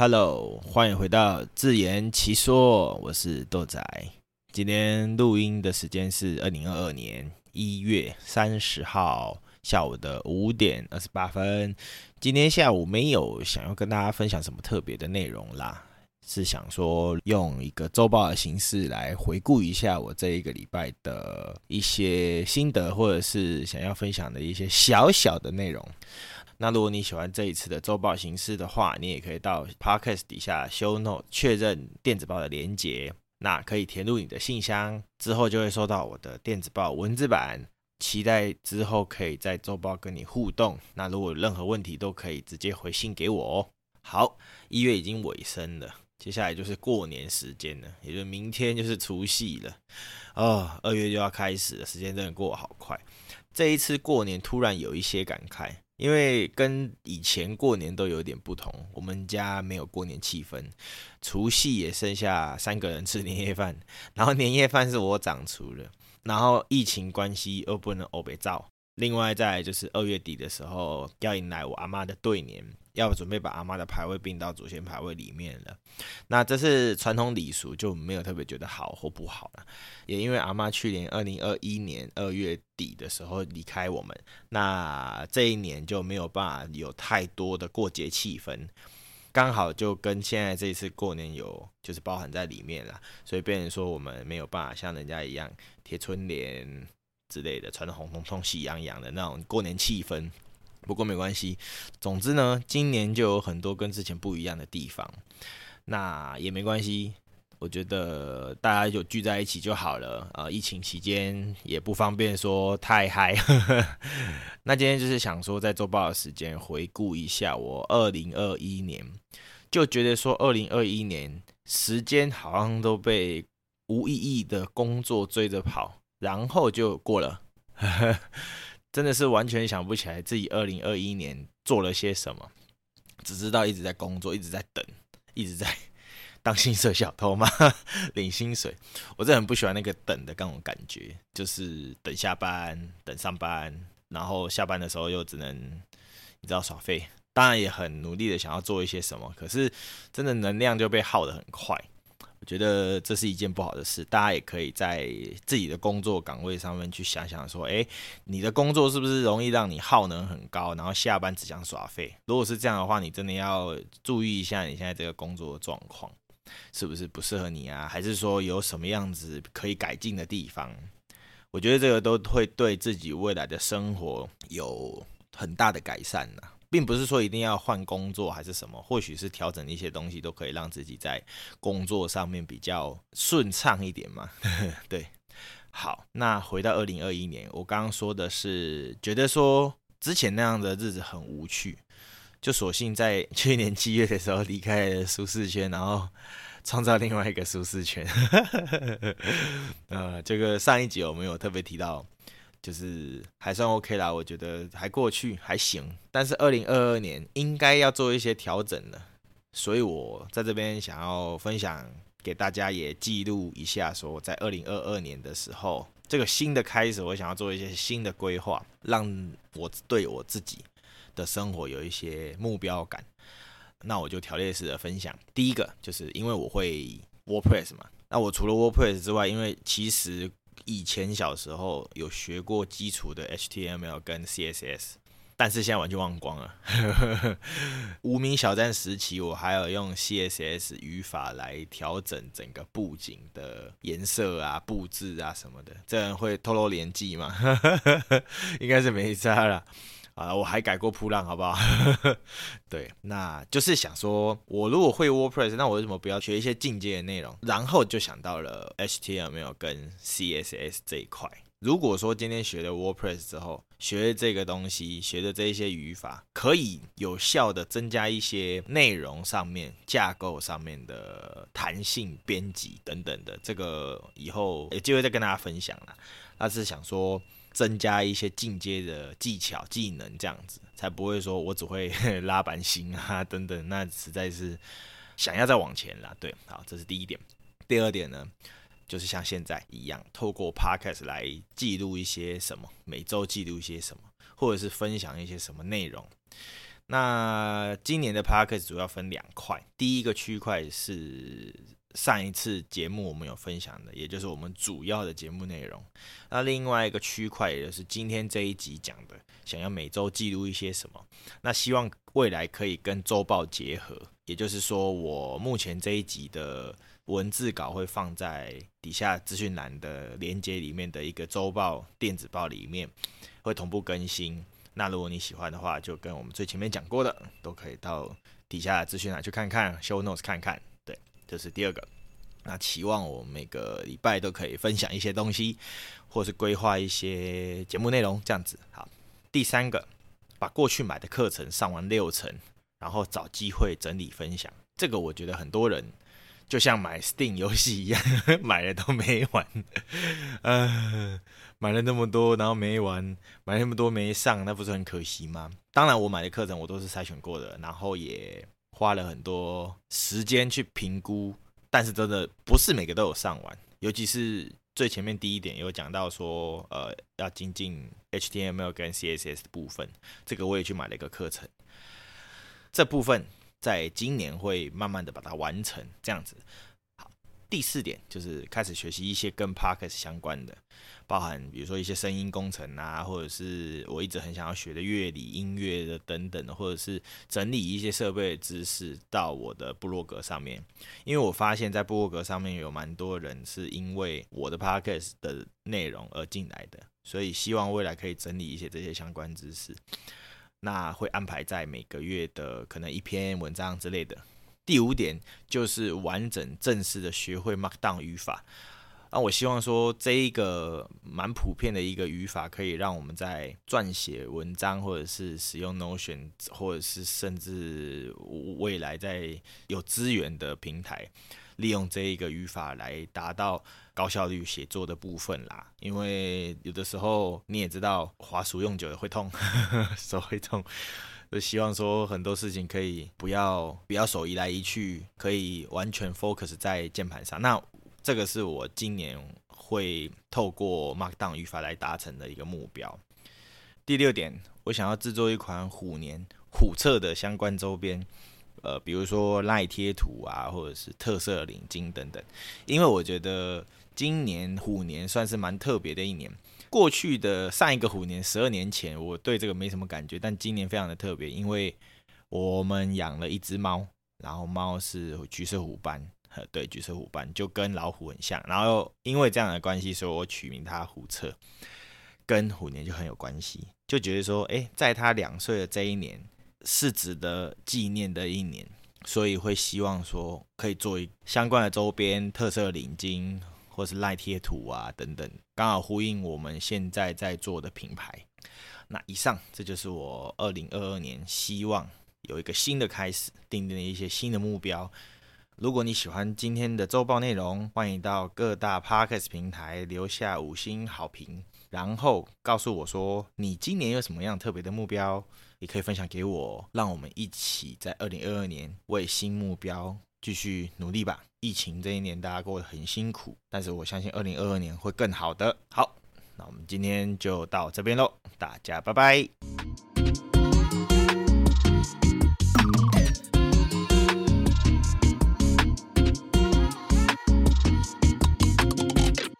Hello，歡迎回到自言其說，我是豆仔。今天錄音的時間是二零二二年一月三十號下午的五點二十八分。今天下午沒有想要跟大家分享什麼特別的內容啦，是想說用一個周報的形式來回顧一下我這一個禮拜的一些心得，或者是想要分享的一些小小的內容。那如果你喜歡這一次的週報形式的話，你也可以到 podcast 底下 show note 確認電子報的連結，那可以填入你的信箱，之後就會收到我的電子報文字版。期待之後可以在週報跟你互動。那如果有任何問題都可以直接回信給我哦。好，一月已經尾聲了，接下來就是過年時間了，也就是明天就是除夕了。哦，二月就要開始了，時間真的過得好快。這一次過年突然有一些感慨。因為跟以前過年都有點不同，我們家沒有過年氣氛，除夕也剩下三個人吃年夜飯，然後年夜飯是我掌廚的，然後疫情關係又不能歐北造。另外再來就是二月底的時候要迎來我阿媽的對年。要準備把阿媽的牌位併到祖先牌位裡面了，那這是傳統禮俗，就沒有特別覺得好或不好了。也因為阿媽去年二零二一年二月底的時候離開我們，那這一年就沒有辦法有太多的過節氣氛，剛好就跟現在這一次過年有就是包含在裡面了，所以變成說我們沒有辦法像人家一樣貼春聯之類的，穿得紅彤彤喜洋洋的那種過年氣氛。不過沒關係，總之呢，今年就有很多跟之前不一樣的地方，那也沒關係，我覺得大家就聚在一起就好了啊、呃。疫情期間也不方便說太嗨，那今天就是想說在週報的時間回顧一下我二零二一年，就覺得說二零二一年時間好像都被無意義的工作追着跑，然後就過了。呵呵真的是完全想不起來自己二零二一年做了些什麼，只知道一直在工作，一直在等，一直在當薪水小偷嗎？ 領薪水，我真的很不喜歡那個等的那種感覺，就是等下班，等上班，然後下班的時候又只能你知道耍廢。當然也很努力的想要做一些什麼，可是真的能量就被耗得很快。我覺得這是一件不好的事，大家也可以在自己的工作崗位上面去想想，說，誒，你的工作是不是容易讓你耗能很高，然後下班只想耍廢？如果是這樣的話，你真的要注意一下你現在這個工作的狀況是不是不適合你啊？還是說有什麼樣子可以改進的地方？我覺得這個都會對自己未來的生活有很大的改善呢、啊。並不是說一定要換工作還是什麼，或許是調整一些東西都可以讓自己在工作上面比較順暢一點嘛。 對，好，那回到二零二一年，我剛剛說的是覺得說之前那樣的日子很無趣，就索性在去年七月的時候離開了舒適圈，然後創造另外一個舒適圈。呃， 這個上一集我們有特別提到。就是還算 OK 啦，我覺得還過去還行，但是二零二二年應該要做一些調整了，所以我在這邊想要分享給大家，也記錄一下，說在二零二二年的時候，這個新的開始，我想要做一些新的規劃，讓我對我自己的生活有一些目標感。那我就條列式的分享，第一個就是因為我會 WordPress 嘛，那我除了 WordPress 之外，因為其實。以前小時候有學過基礎的 HTML 跟 CSS，但是現在完全忘光了。 無名小站時期，我還有用 CSS 語法來調整整個布景的顏色啊、布置啊什麼的。這樣會透露年紀嗎？ 應該是沒差啦。啊，我還改過噗浪，好不好？ 對，那就是想說，我如果會 WordPress，那我為什麼不要學一些進階的內容？然後就想到了 HTML 跟 CSS 這一塊。如果說今天學了 WordPress 之後，學這個東西，學的這一些語法，可以有效的增加一些內容上面、架構上面的彈性編輯等等的。這個以後有機會再跟大家分享啦。那是想說。增加一些進階的技巧、技能，這樣子才不會說我只會 拉板型啊等等，那實在是想要再往前啦。對，好，這是第一點。第二點呢，就是像現在一樣，透過 podcast 來記錄一些什麼，每周記錄一些什麼，或者是分享一些什麼內容。那今年的 podcast 主要分兩塊，第一個區塊是，上一次節目我們有分享的，也就是我們主要的節目內容。那另外一個區塊，也就是今天這一集講的，想要每周記錄一些什麼。那希望未來可以跟周報結合，也就是說，我目前這一集的文字稿會放在底下資訊欄的連結裡面的一個周報電子報裡面，會同步更新。那如果你喜歡的話，就跟我們最前面講過的，都可以到底下的資訊欄去看看，Show Notes 看看。這是第二個，那期望我每個禮拜都可以分享一些東西，或是規劃一些節目內容，這樣子。好，第三個，把過去買的課程上完六成，然後找機會整理分享。這個我覺得很多人就像買 Steam 遊戲一樣，買了都沒玩，嗯、呃，買了那麼多，然後沒玩，買了那麼多沒上，那不是很可惜嗎？當然，我買的課程我都是篩選過的，然後也。花了很多時間去評估，但是真的不是每個都有上完，尤其是最前面第一點有講到說，呃，要精進 HTML 跟 CSS 的部分，這個我也去買了一個課程。這部分在今年會慢慢的把它完成，這樣子。第四點就是開始學習一些跟 podcast 相關的，包含比如說一些聲音工程啊，或者是我一直很想要學的樂理、音樂的等等，或者是整理一些設備的知識到我的部落格上面。因為我發現，在部落格上面有蠻多人是因為我的 podcast 的內容而進來的，所以希望未來可以整理一些這些相關知識。那會安排在每個月的可能一篇文章之類的。第五點就是完整正式的學會 Markdown 語法。那、啊、我希望說，這一個蠻普遍的一個語法，可以讓我們在撰寫文章，或者是使用 Notion，或者是甚至未來在有資源的平台，利用這一個語法來達到高效率寫作的部分啦，因為有的時候你也知道，滑鼠用久了會痛呵呵，手會痛，就希望說很多事情可以不要不要手移來移去，可以完全 focus 在鍵盤上。那這個是我今年會透過 Markdown 語法來達成的一個目標。第六點，我想要製作一款虎年虎冊的相關週邊。呃，比如說賴貼圖啊，或者是特色領巾等等，因為我覺得今年虎年算是蠻特別的一年。過去的上一個虎年，十二年前，我對這個沒什麼感覺，但今年非常的特別，因為我們養了一隻貓，然後貓是橘色虎斑，對，橘色虎斑就跟老虎很像，然後因為這樣的關係，所以我取名它虎徹，跟虎年就很有關係，就覺得說，誒、欸，在它兩歲的這一年。是值得紀念的一年，所以會希望說可以做相關的周邊、特色領巾或是賴貼圖啊等等，剛好呼應我們現在在做的品牌。那以上，這就是我二零二二年希望有一個新的開始，訂定的一些新的目標。如果你喜歡今天的周報內容，歡迎到各大 Podcast 平台留下五星好評，然後告訴我說你今年有什麼樣特別的目標。也可以分享給我，讓我們一起在二零二二年為新目標繼續努力吧。疫情這一年大家過得很辛苦，但是我相信二零二二年會更好的。好，那我們今天就到這邊嘍，大家拜拜。